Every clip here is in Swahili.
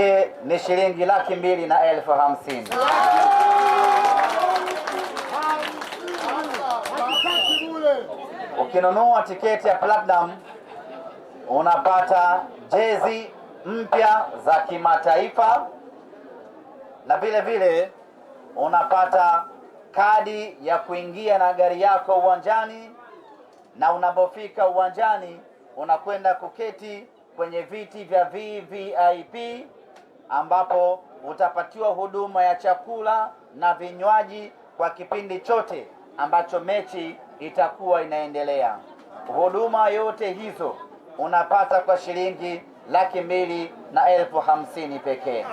yake ni shilingi laki mbili na elfu hamsini. Ukinunua tiketi ya Platinum unapata jezi mpya za kimataifa na vile vile unapata kadi ya kuingia na gari yako uwanjani, na unapofika uwanjani unakwenda kuketi kwenye viti vya VVIP ambapo utapatiwa huduma ya chakula na vinywaji kwa kipindi chote ambacho mechi itakuwa inaendelea. Huduma yote hizo unapata kwa shilingi laki mbili na elfu hamsini pekee.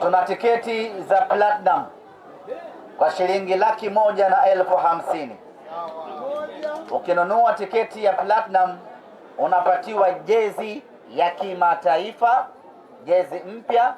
Tuna tiketi za platinum kwa shilingi laki moja na elfu hamsini. Ukinunua tiketi ya platinum unapatiwa jezi ya kimataifa, jezi mpya,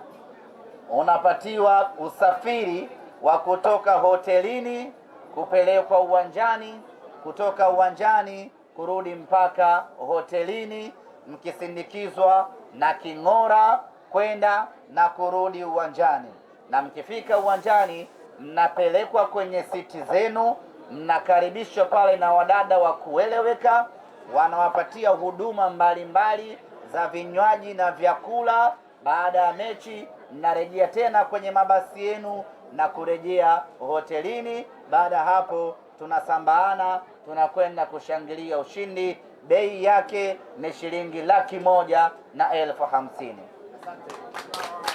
unapatiwa usafiri wa kutoka hotelini kupelekwa uwanjani, kutoka uwanjani kurudi mpaka hotelini, mkisindikizwa na king'ora kwenda na kurudi uwanjani, na mkifika uwanjani mnapelekwa kwenye siti zenu, mnakaribishwa pale na wadada wa kueleweka wanawapatia huduma mbalimbali za vinywaji na vyakula. Baada ya mechi, mnarejea tena kwenye mabasi yenu na kurejea hotelini. Baada ya hapo, tunasambaana tunakwenda kushangilia ushindi. Bei yake ni shilingi laki moja na elfu hamsini.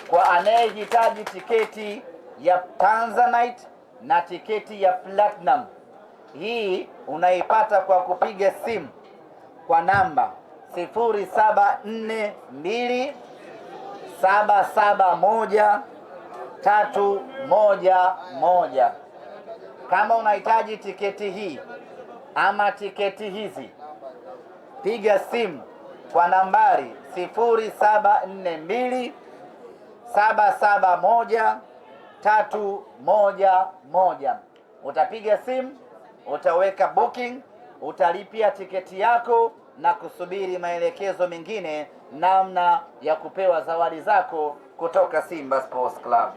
Kwa anayehitaji tiketi ya Tanzanite na tiketi ya Platinum, hii unaipata kwa kupiga simu kwa namba 0742771311. Kama unahitaji tiketi hii ama tiketi hizi, piga simu kwa nambari tatu moja moja, Utapiga simu, utaweka booking utalipia tiketi yako na kusubiri maelekezo mengine namna ya kupewa zawadi zako kutoka Simba Sports Club.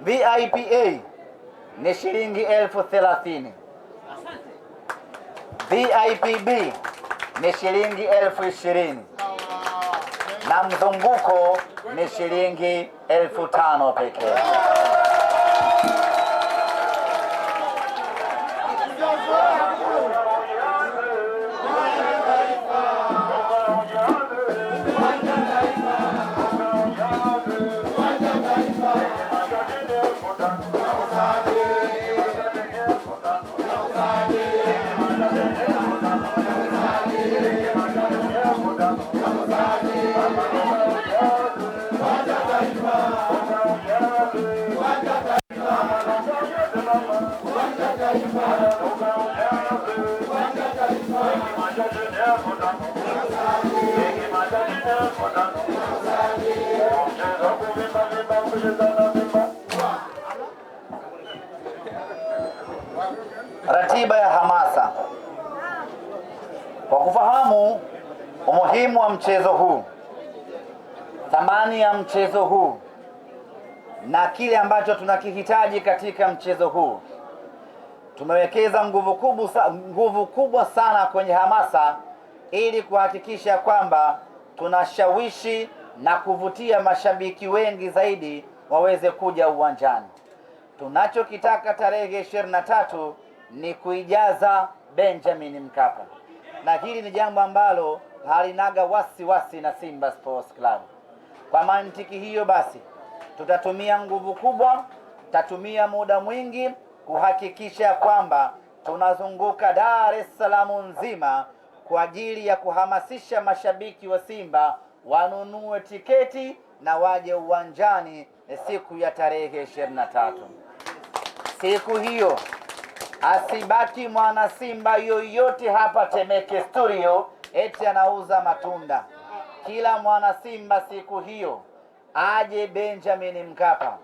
VIPA ni shilingi elfu thelathini. VIPB ni shilingi elfu ishirini na mzunguko ni shilingi elfu tano pekee. Ratiba ya hamasa. Kwa kufahamu umuhimu wa mchezo huu, thamani ya mchezo huu na kile ambacho tunakihitaji katika mchezo huu, tumewekeza nguvu kubwa, nguvu kubwa sana kwenye hamasa ili kuhakikisha kwamba tunashawishi na kuvutia mashabiki wengi zaidi waweze kuja uwanjani. Tunachokitaka tarehe ishirini na tatu ni kuijaza Benjamin Mkapa, na hili ni jambo ambalo halinaga wasiwasi wasi na Simba Sports Club. Kwa mantiki hiyo basi, tutatumia nguvu kubwa, tutatumia muda mwingi kuhakikisha kwamba tunazunguka Dar es Salaam nzima kwa ajili ya kuhamasisha mashabiki wa Simba wanunue tiketi na waje uwanjani eh, siku ya tarehe ishirini na tatu. Siku hiyo asibaki mwana Simba yoyote hapa Temeke Studio eti anauza matunda. Kila mwana Simba siku hiyo aje Benjamin Mkapa.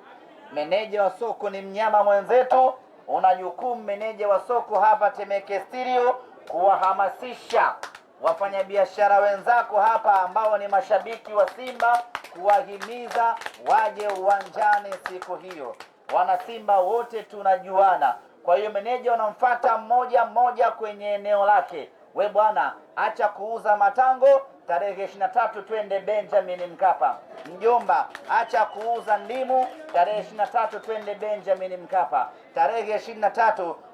Meneja wa soko ni mnyama mwenzetu, una jukumu meneja wa soko hapa Temeke Studio kuwahamasisha wafanyabiashara wenzako hapa ambao ni mashabiki wa Simba kuwahimiza waje uwanjani siku hiyo. Wanasimba wote tunajuana, kwa hiyo meneja wanamfuata mmoja mmoja kwenye eneo lake. We bwana, acha kuuza matango tarehe 23 twende Benjamin Mkapa. Mjomba, acha kuuza ndimu tarehe 23 twende Benjamin Mkapa. Tarehe ishirini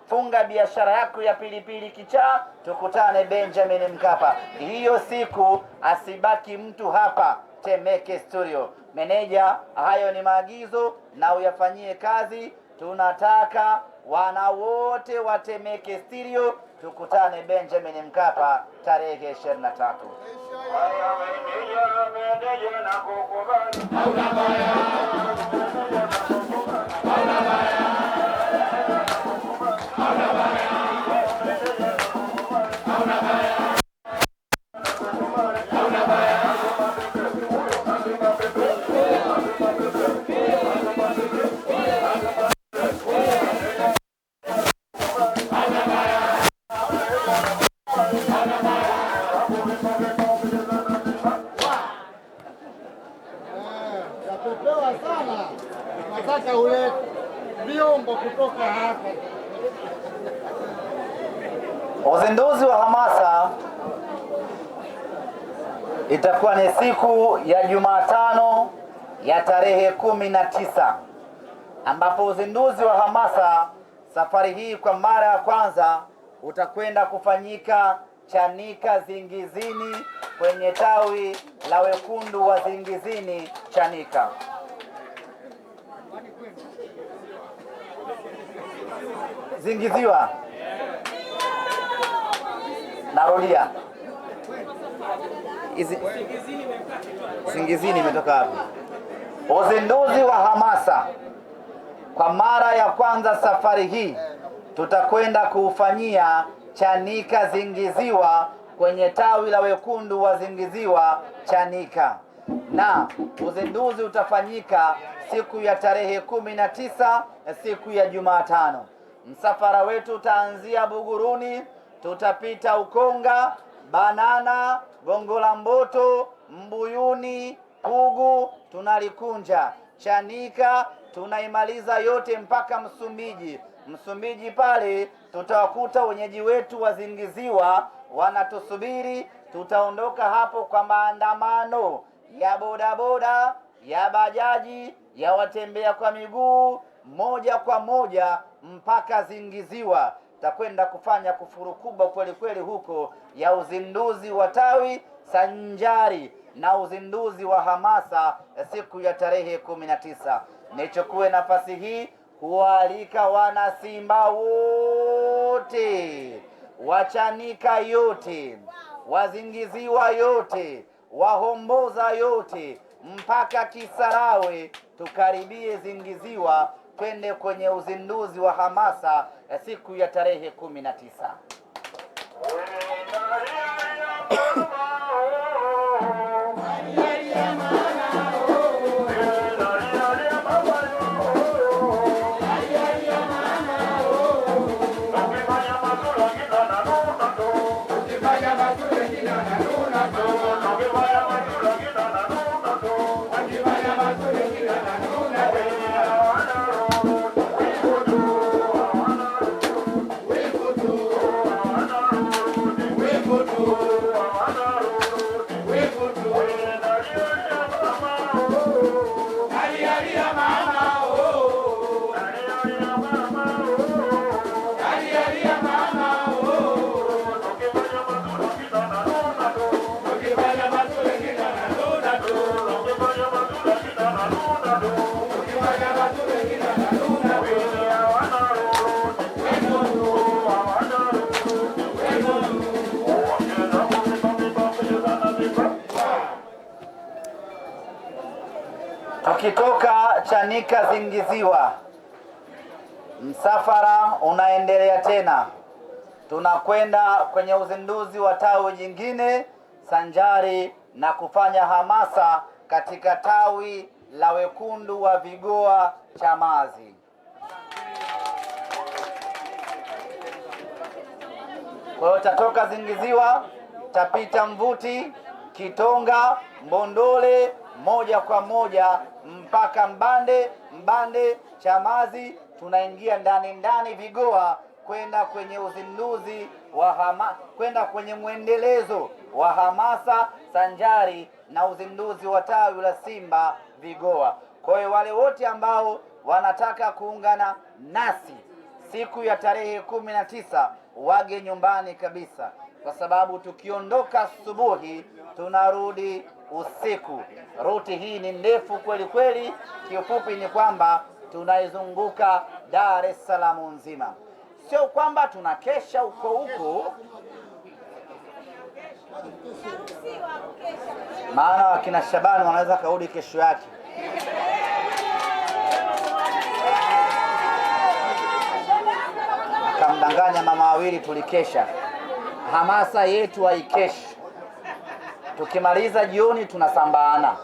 funga biashara yako ya pilipili kichaa, tukutane Benjamin Mkapa hiyo siku, asibaki mtu hapa Temeke Studio. Meneja, hayo ni maagizo na uyafanyie kazi. Tunataka wana wote wa Temeke Studio tukutane Benjamin Mkapa tarehe 23. mpango kutoka hapo. Uzinduzi wa hamasa itakuwa ni siku ya Jumatano ya tarehe kumi na tisa ambapo uzinduzi wa hamasa safari hii kwa mara ya kwanza utakwenda kufanyika Chanika Zingizini kwenye tawi la wekundu wa Zingizini Chanika. zingiziwa. Narudia, singizini imetoka wapi? Uzinduzi wa hamasa kwa mara ya kwanza, safari hii tutakwenda kuufanyia Chanika Zingiziwa kwenye tawi la wekundu wa Zingiziwa Chanika, na uzinduzi utafanyika siku ya tarehe kumi na tisa siku ya Jumatano. Msafara wetu utaanzia Buguruni, tutapita Ukonga, Banana, Gongo la Mboto, Mbuyuni, Pugu tunalikunja, Chanika tunaimaliza yote mpaka Msumbiji. Msumbiji pale tutawakuta wenyeji wetu wazingiziwa wanatusubiri. Tutaondoka hapo kwa maandamano ya bodaboda, ya bajaji, ya watembea kwa miguu moja kwa moja mpaka Zingiziwa. Takwenda kufanya kufuru kubwa kweli kweli huko ya uzinduzi wa tawi sanjari na uzinduzi wa hamasa siku ya tarehe kumi na tisa. Nichukue nafasi hii kualika wana Simba wote wachanika yote wazingiziwa yote wahomboza yote mpaka Kisarawe tukaribie Zingiziwa, twende kwenye uzinduzi wa hamasa eh, siku ya tarehe kumi na tisa. Tukitoka Chanika Zingiziwa, msafara unaendelea tena, tunakwenda kwenye uzinduzi wa tawi jingine sanjari na kufanya hamasa katika tawi la wekundu wa Vigoa Chamazi. Kwa hiyo tatoka Zingiziwa, tapita Mvuti, Kitonga, Mbondole moja kwa moja mpaka Mbande. Mbande Chamazi, tunaingia ndani ndani Vigoa kwenda kwenye uzinduzi wa hama, kwenda kwenye mwendelezo wa hamasa sanjari na uzinduzi wa tawi la Simba vigoa. Kwa hiyo wale wote ambao wanataka kuungana nasi siku ya tarehe kumi na tisa wage nyumbani kabisa, kwa sababu tukiondoka asubuhi tunarudi usiku. Ruti hii ni ndefu kweli kweli. Kiufupi ni kwamba tunaizunguka Dar es Salaam nzima, sio kwamba tunakesha huko huko maana wakina Shabani wanaweza kaudi kesho yake. Akamdanganya mama wawili, tulikesha. Hamasa yetu haikeshi, tukimaliza jioni tunasambaana.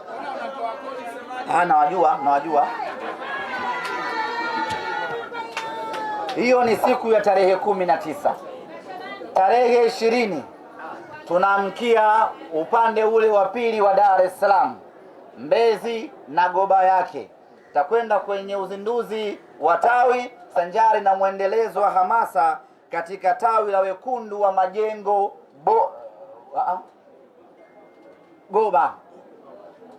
Ah, nawajua, nawajua. Hiyo ni siku ya tarehe kumi na tisa, tarehe ishirini tunaamkia upande ule wa pili wa Dar es Salaam, Mbezi na Goba yake. Takwenda kwenye uzinduzi wa tawi sanjari na mwendelezo wa hamasa katika tawi la wekundu wa majengo bo... Ah, ah, Goba,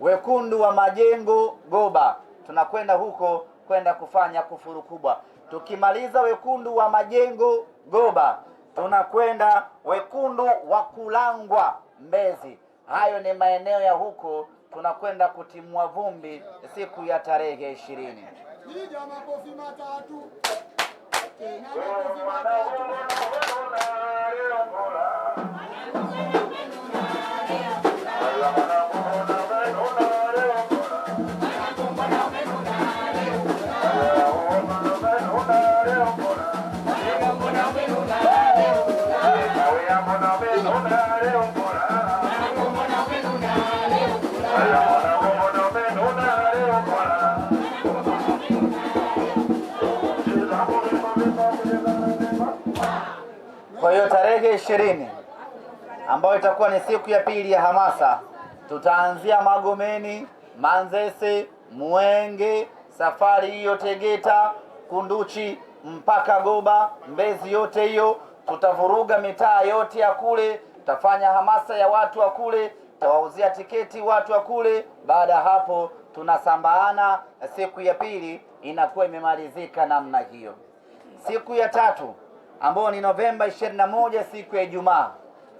wekundu wa majengo Goba, tunakwenda huko kwenda kufanya kufuru kubwa. Tukimaliza wekundu wa majengo Goba tunakwenda wekundu wa Kulangwa Mbezi. Hayo ni maeneo ya huko, tunakwenda kutimua vumbi siku ya tarehe ishirini. Kwa hiyo tarehe ishirini ambayo itakuwa ni siku ya pili ya hamasa, tutaanzia Magomeni, Manzese, Mwenge, safari hiyo Tegeta, Kunduchi mpaka Goba, Mbezi yote hiyo tutavuruga mitaa yote ya kule, tutafanya hamasa ya watu wa kule tawauzia tiketi watu wa kule. Baada ya hapo, tunasambaana. Siku ya pili inakuwa imemalizika namna hiyo. Siku ya tatu ambayo ni Novemba ishirini na moja, siku ya Ijumaa,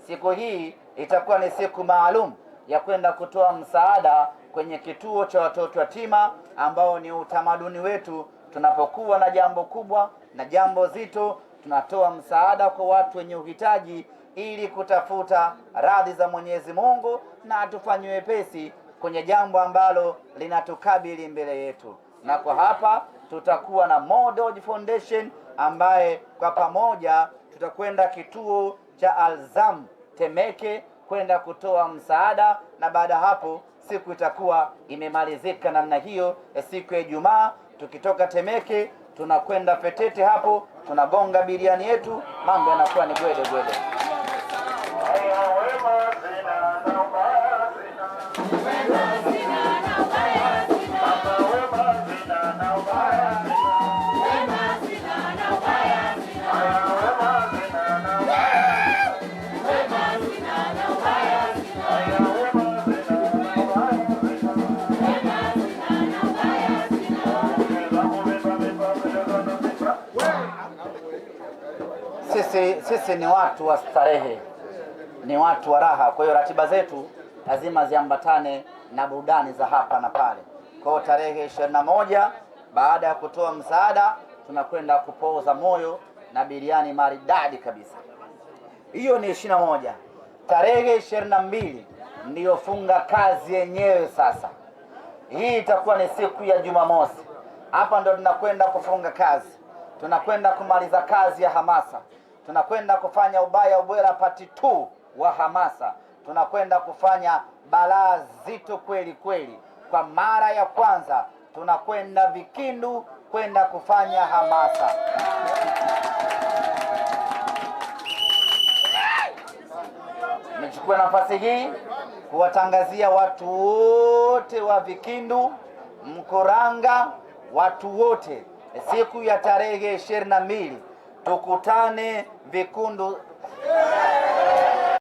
siku hii itakuwa ni siku maalum ya kwenda kutoa msaada kwenye kituo cha watoto yatima, ambao ni utamaduni wetu. Tunapokuwa na jambo kubwa na jambo zito, tunatoa msaada kwa watu wenye uhitaji ili kutafuta radhi za Mwenyezi Mungu na atufanye wepesi kwenye jambo ambalo linatukabili mbele yetu. Na kwa hapa tutakuwa na Mo Dewji Foundation ambaye kwa pamoja tutakwenda kituo cha Alzam Temeke kwenda kutoa msaada, na baada hapo siku itakuwa imemalizika namna hiyo e, siku ya Ijumaa. Tukitoka Temeke tunakwenda Petete, hapo tunagonga biriani yetu, mambo yanakuwa ni gwede gwede. Sisi, sisi ni watu wa starehe ni watu wa raha. Kwa hiyo ratiba zetu lazima ziambatane na burudani za hapa na pale. Kwa hiyo tarehe ishirini na moja baada ya kutoa msaada tunakwenda kupoza moyo na biriani maridadi kabisa. Hiyo ni ishirini na moja. Tarehe ishirini na mbili ndiyo funga kazi yenyewe. Sasa hii itakuwa ni siku ya Jumamosi. Hapa ndo tunakwenda kufunga kazi, tunakwenda kumaliza kazi ya hamasa, tunakwenda kufanya ubaya ubwela pati tu wa hamasa, tunakwenda kufanya balaa zito kweli kweli. Kwa mara ya kwanza tunakwenda Vikindu kwenda kufanya hamasa. Nimechukua nafasi hii kuwatangazia watu wote wa Vikindu Mkuranga, watu wote siku ya tarehe ishirini na mbili tukutane Vikundu